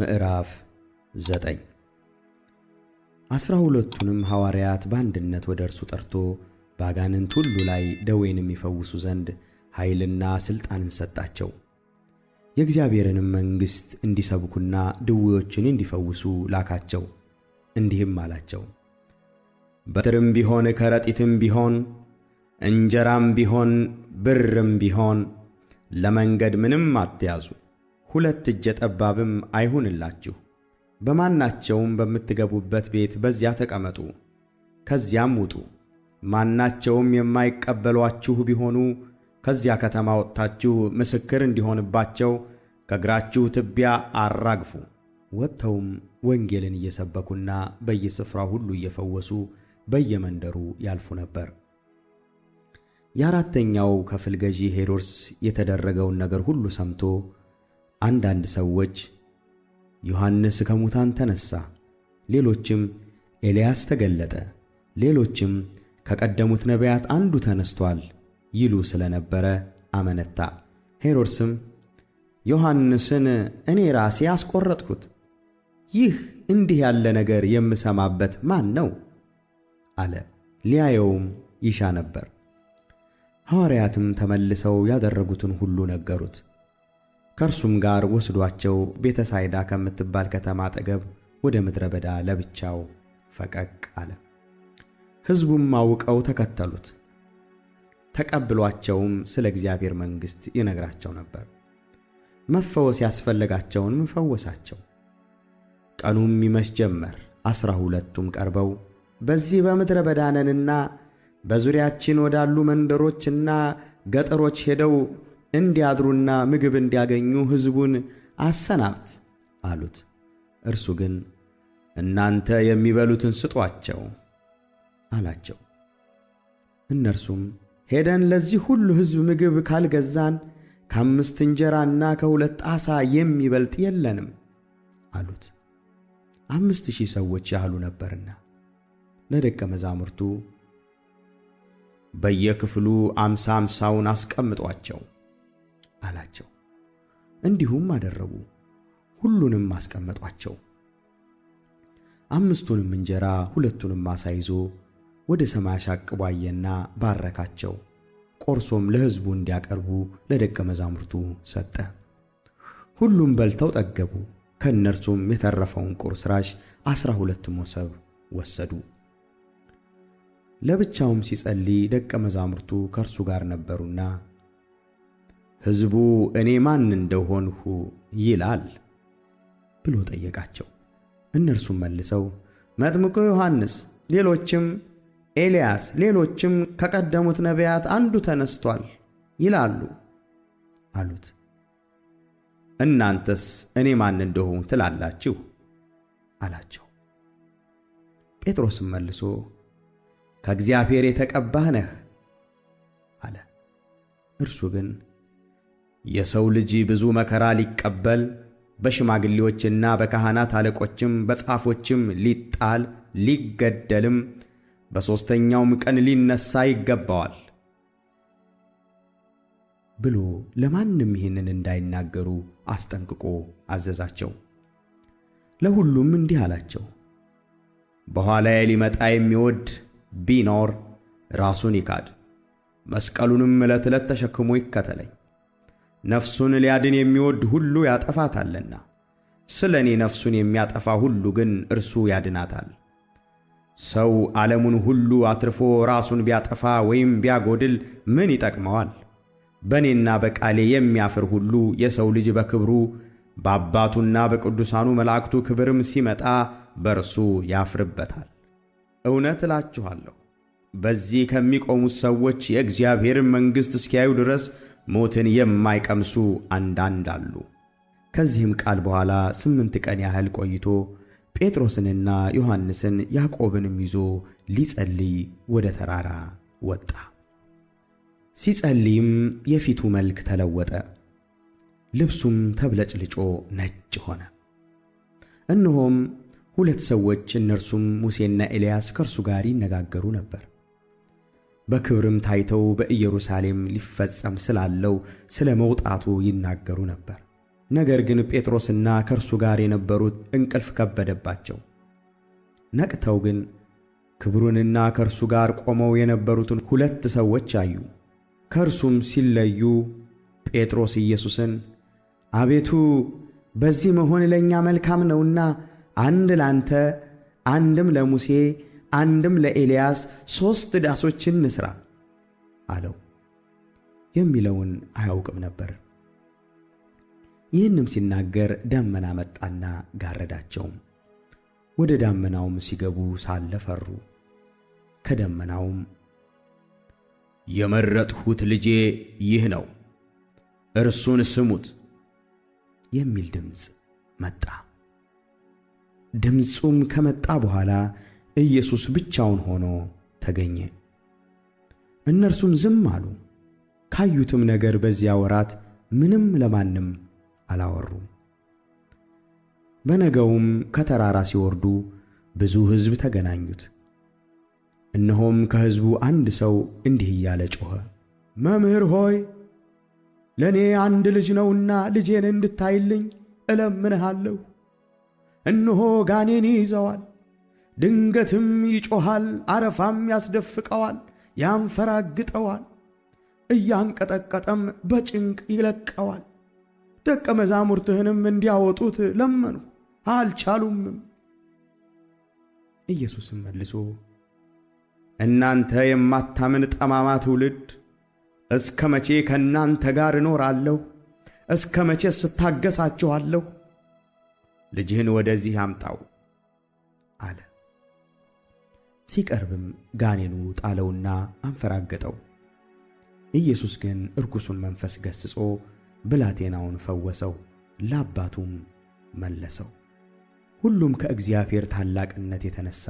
ምዕራፍ 9 አስራ ሁለቱንም ሐዋርያት በአንድነት ወደ እርሱ ጠርቶ ባጋንንት ሁሉ ላይ ደዌንም ይፈውሱ ዘንድ ኃይልና ሥልጣንን ሰጣቸው። የእግዚአብሔርንም መንግሥት እንዲሰብኩና ድዌዎችን እንዲፈውሱ ላካቸው። እንዲህም አላቸው፦ በትርም ቢሆን ከረጢትም ቢሆን እንጀራም ቢሆን ብርም ቢሆን ለመንገድ ምንም አትያዙ። ሁለት እጀ ጠባብም አይሁንላችሁ። በማናቸውም በምትገቡበት ቤት በዚያ ተቀመጡ፣ ከዚያም ውጡ። ማናቸውም የማይቀበሏችሁ ቢሆኑ ከዚያ ከተማ ወጥታችሁ ምስክር እንዲሆንባቸው ከእግራችሁ ትቢያ አራግፉ። ወጥተውም ወንጌልን እየሰበኩና በየስፍራው ሁሉ እየፈወሱ በየመንደሩ ያልፉ ነበር። የአራተኛው ክፍል ገዢ ሄሮድስ የተደረገውን ነገር ሁሉ ሰምቶ አንዳንድ ሰዎች ዮሐንስ ከሙታን ተነሣ፣ ሌሎችም ኤልያስ ተገለጠ፣ ሌሎችም ከቀደሙት ነቢያት አንዱ ተነሥቶአል ይሉ ስለ ነበረ አመነታ። ሄሮድስም ዮሐንስን እኔ ራሴ አስቈረጥኩት፣ ይህ እንዲህ ያለ ነገር የምሰማበት ማን ነው? አለ። ሊያየውም ይሻ ነበር። ሐዋርያትም ተመልሰው ያደረጉትን ሁሉ ነገሩት። ከእርሱም ጋር ወስዷቸው ቤተ ሳይዳ ከምትባል ከተማ አጠገብ ወደ ምድረ በዳ ለብቻው ፈቀቅ አለ። ሕዝቡም አውቀው ተከተሉት። ተቀብሏቸውም ስለ እግዚአብሔር መንግሥት ይነግራቸው ነበር። መፈወስ ያስፈለጋቸውንም ፈወሳቸው። ቀኑም ይመስ ጀመር። ዐሥራ ሁለቱም ቀርበው በዚህ በምድረ በዳ ነንና በዙሪያችን ወዳሉ መንደሮችና ገጠሮች ሄደው እንዲያድሩና ምግብ እንዲያገኙ ሕዝቡን አሰናብት አሉት። እርሱ ግን እናንተ የሚበሉትን ስጧቸው አላቸው። እነርሱም ሄደን ለዚህ ሁሉ ሕዝብ ምግብ ካልገዛን ከአምስት እንጀራና ከሁለት ዓሣ የሚበልጥ የለንም አሉት። አምስት ሺህ ሰዎች ያህሉ ነበርና። ለደቀ መዛሙርቱ በየክፍሉ አምሳ አምሳውን አስቀምጧቸው አላቸው። እንዲሁም አደረጉ። ሁሉንም አስቀመጧቸው። አምስቱንም እንጀራ ሁለቱንም ዓሣ ይዞ ወደ ሰማይ አሻቅቦ አየና ባረካቸው። ቆርሶም ለሕዝቡ እንዲያቀርቡ ለደቀ መዛሙርቱ ሰጠ። ሁሉም በልተው ጠገቡ። ከእነርሱም የተረፈውን ቁርስራሽ አስራ ሁለት መሶብ ወሰዱ። ለብቻውም ሲጸልይ ደቀ መዛሙርቱ ከእርሱ ጋር ነበሩና ሕዝቡ እኔ ማን እንደሆንሁ ይላል ብሎ ጠየቃቸው። እነርሱም መልሰው መጥምቁ ዮሐንስ፣ ሌሎችም ኤልያስ፣ ሌሎችም ከቀደሙት ነቢያት አንዱ ተነስቷል ይላሉ አሉት። እናንተስ እኔ ማን እንደሆንሁ ትላላችሁ አላቸው። ጴጥሮስም መልሶ ከእግዚአብሔር የተቀባህ ነህ አለ። እርሱ ግን የሰው ልጅ ብዙ መከራ ሊቀበል በሽማግሌዎችና በካህናት አለቆችም በጻፎችም ሊጣል ሊገደልም በሦስተኛውም ቀን ሊነሣ ይገባዋል ብሎ ለማንም ይህንን እንዳይናገሩ አስጠንቅቆ አዘዛቸው። ለሁሉም እንዲህ አላቸው፦ በኋላ ሊመጣ የሚወድ ቢኖር ራሱን ይካድ፣ መስቀሉንም ዕለት ዕለት ተሸክሞ ይከተለኝ። ነፍሱን ሊያድን የሚወድ ሁሉ ያጠፋታልና፣ ስለ እኔ ነፍሱን የሚያጠፋ ሁሉ ግን እርሱ ያድናታል። ሰው ዓለሙን ሁሉ አትርፎ ራሱን ቢያጠፋ ወይም ቢያጎድል ምን ይጠቅመዋል? በእኔና በቃሌ የሚያፍር ሁሉ የሰው ልጅ በክብሩ በአባቱና በቅዱሳኑ መላእክቱ ክብርም ሲመጣ በእርሱ ያፍርበታል። እውነት እላችኋለሁ በዚህ ከሚቆሙት ሰዎች የእግዚአብሔርን መንግሥት እስኪያዩ ድረስ ሞትን የማይቀምሱ አንዳንድ አሉ። ከዚህም ቃል በኋላ ስምንት ቀን ያህል ቆይቶ ጴጥሮስንና ዮሐንስን ያዕቆብንም ይዞ ሊጸልይ ወደ ተራራ ወጣ። ሲጸልይም የፊቱ መልክ ተለወጠ፣ ልብሱም ተብለጭልጮ ነጭ ሆነ። እነሆም ሁለት ሰዎች እነርሱም ሙሴና ኤልያስ ከእርሱ ጋር ይነጋገሩ ነበር። በክብርም ታይተው በኢየሩሳሌም ሊፈጸም ስላለው ስለ መውጣቱ ይናገሩ ነበር። ነገር ግን ጴጥሮስና ከእርሱ ጋር የነበሩት እንቅልፍ ከበደባቸው። ነቅተው ግን ክብሩንና ከእርሱ ጋር ቆመው የነበሩትን ሁለት ሰዎች አዩ። ከእርሱም ሲለዩ ጴጥሮስ ኢየሱስን አቤቱ፣ በዚህ መሆን ለእኛ መልካም ነውና አንድ ላንተ አንድም ለሙሴ አንድም ለኤልያስ ሦስት ዳሶችን ንሥራ አለው። የሚለውን አያውቅም ነበር። ይህንም ሲናገር ደመና መጣና ጋረዳቸውም። ወደ ዳመናውም ሲገቡ ሳለ ፈሩ። ከደመናውም የመረጥሁት ልጄ ይህ ነው፣ እርሱን ስሙት የሚል ድምፅ መጣ። ድምፁም ከመጣ በኋላ ኢየሱስ ብቻውን ሆኖ ተገኘ። እነርሱም ዝም አሉ። ካዩትም ነገር በዚያ ወራት ምንም ለማንም አላወሩም። በነገውም ከተራራ ሲወርዱ ብዙ ሕዝብ ተገናኙት። እነሆም ከሕዝቡ አንድ ሰው እንዲህ እያለ ጮኸ፣ መምህር ሆይ ለእኔ አንድ ልጅ ነውና ልጄን እንድታይልኝ እለምንሃለሁ። እነሆ ጋኔን ይይዘዋል ድንገትም ይጮኻል፣ አረፋም ያስደፍቀዋል፣ ያንፈራግጠዋል፣ እያንቀጠቀጠም በጭንቅ ይለቀዋል። ደቀ መዛሙርትህንም እንዲያወጡት ለመኑ፣ አልቻሉምም። ኢየሱስም መልሶ እናንተ የማታምን ጠማማ ትውልድ እስከ መቼ ከእናንተ ጋር እኖራለሁ? እስከ መቼ ስታገሳችኋለሁ? ልጅህን ወደዚህ አምጣው አለ። ሲቀርብም ጋኔኑ ጣለውና አንፈራገጠው። ኢየሱስ ግን እርኩሱን መንፈስ ገስጾ ብላቴናውን ፈወሰው፣ ለአባቱም መለሰው። ሁሉም ከእግዚአብሔር ታላቅነት የተነሳ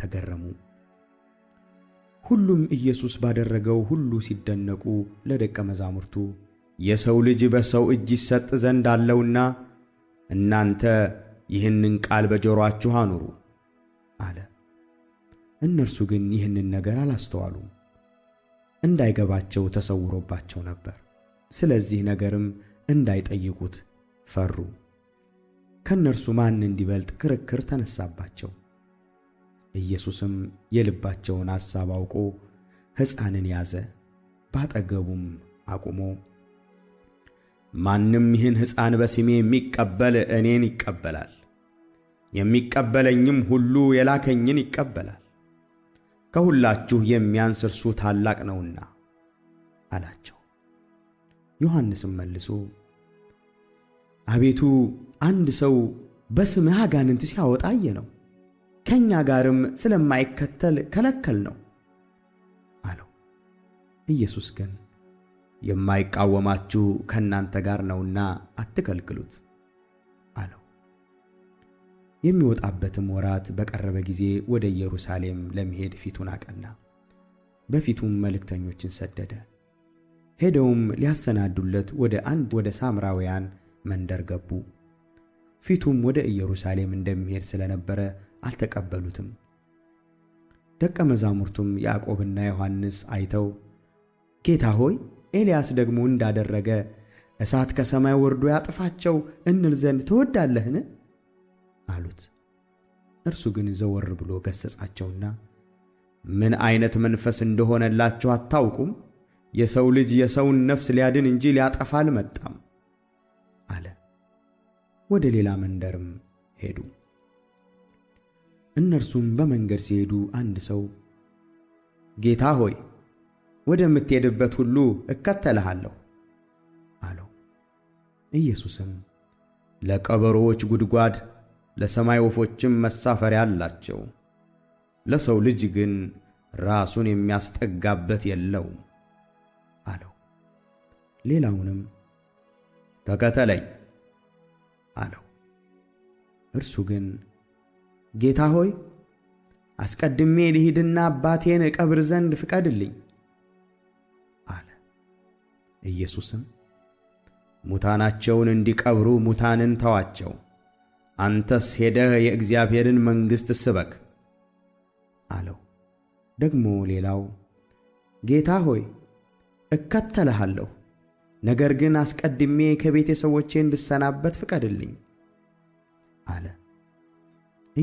ተገረሙ። ሁሉም ኢየሱስ ባደረገው ሁሉ ሲደነቁ ለደቀ መዛሙርቱ የሰው ልጅ በሰው እጅ ይሰጥ ዘንድ አለውና እናንተ ይህንን ቃል በጆሮአችሁ አኑሩ አለ። እነርሱ ግን ይህንን ነገር አላስተዋሉም፣ እንዳይገባቸው ተሰውሮባቸው ነበር። ስለዚህ ነገርም እንዳይጠይቁት ፈሩ። ከእነርሱ ማን እንዲበልጥ ክርክር ተነሳባቸው። ኢየሱስም የልባቸውን ሐሳብ አውቆ ሕፃንን ያዘ፣ ባጠገቡም አቁሞ ማንም ይህን ሕፃን በስሜ የሚቀበል እኔን ይቀበላል፣ የሚቀበለኝም ሁሉ የላከኝን ይቀበላል። ከሁላችሁ የሚያንስ እርሱ ታላቅ ነውና አላቸው። ዮሐንስም መልሶ አቤቱ አንድ ሰው በስምህ አጋንንት ሲያወጣ ነው። ከእኛ ጋርም ስለማይከተል ከለከል ነው አለው። ኢየሱስ ግን የማይቃወማችሁ ከእናንተ ጋር ነውና አትከልክሉት የሚወጣበትም ወራት በቀረበ ጊዜ ወደ ኢየሩሳሌም ለመሄድ ፊቱን አቀና። በፊቱም መልእክተኞችን ሰደደ። ሄደውም ሊያሰናዱለት ወደ አንድ ወደ ሳምራውያን መንደር ገቡ። ፊቱም ወደ ኢየሩሳሌም እንደሚሄድ ስለነበረ አልተቀበሉትም። ደቀ መዛሙርቱም ያዕቆብና ዮሐንስ አይተው ጌታ ሆይ ኤልያስ ደግሞ እንዳደረገ እሳት ከሰማይ ወርዶ ያጥፋቸው እንል ዘንድ ትወዳለህን? አሉት። እርሱ ግን ዘወር ብሎ ገሠጻቸውና ምን አይነት መንፈስ እንደሆነላችሁ አታውቁም? የሰው ልጅ የሰውን ነፍስ ሊያድን እንጂ ሊያጠፋ አልመጣም አለ። ወደ ሌላ መንደርም ሄዱ። እነርሱም በመንገድ ሲሄዱ አንድ ሰው ጌታ ሆይ ወደምትሄድበት ሁሉ እከተልሃለሁ አለው። ኢየሱስም ለቀበሮዎች ጉድጓድ ለሰማይ ወፎችም መሳፈሪያ አላቸው። ለሰው ልጅ ግን ራሱን የሚያስጠጋበት የለውም አለው። ሌላውንም ተከተለኝ አለው። እርሱ ግን ጌታ ሆይ አስቀድሜ ልሂድና አባቴን እቀብር ዘንድ ፍቀድልኝ አለ። ኢየሱስም ሙታናቸውን እንዲቀብሩ ሙታንን ተዋቸው አንተስ ሄደህ የእግዚአብሔርን መንግሥት ስበክ አለው። ደግሞ ሌላው ጌታ ሆይ እከተልሃለሁ፣ ነገር ግን አስቀድሜ ከቤተ ሰዎቼ እንድሰናበት ፍቀድልኝ አለ።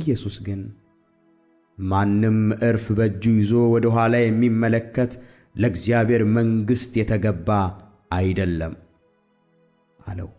ኢየሱስ ግን ማንም እርፍ በእጁ ይዞ ወደ ኋላ የሚመለከት ለእግዚአብሔር መንግሥት የተገባ አይደለም አለው።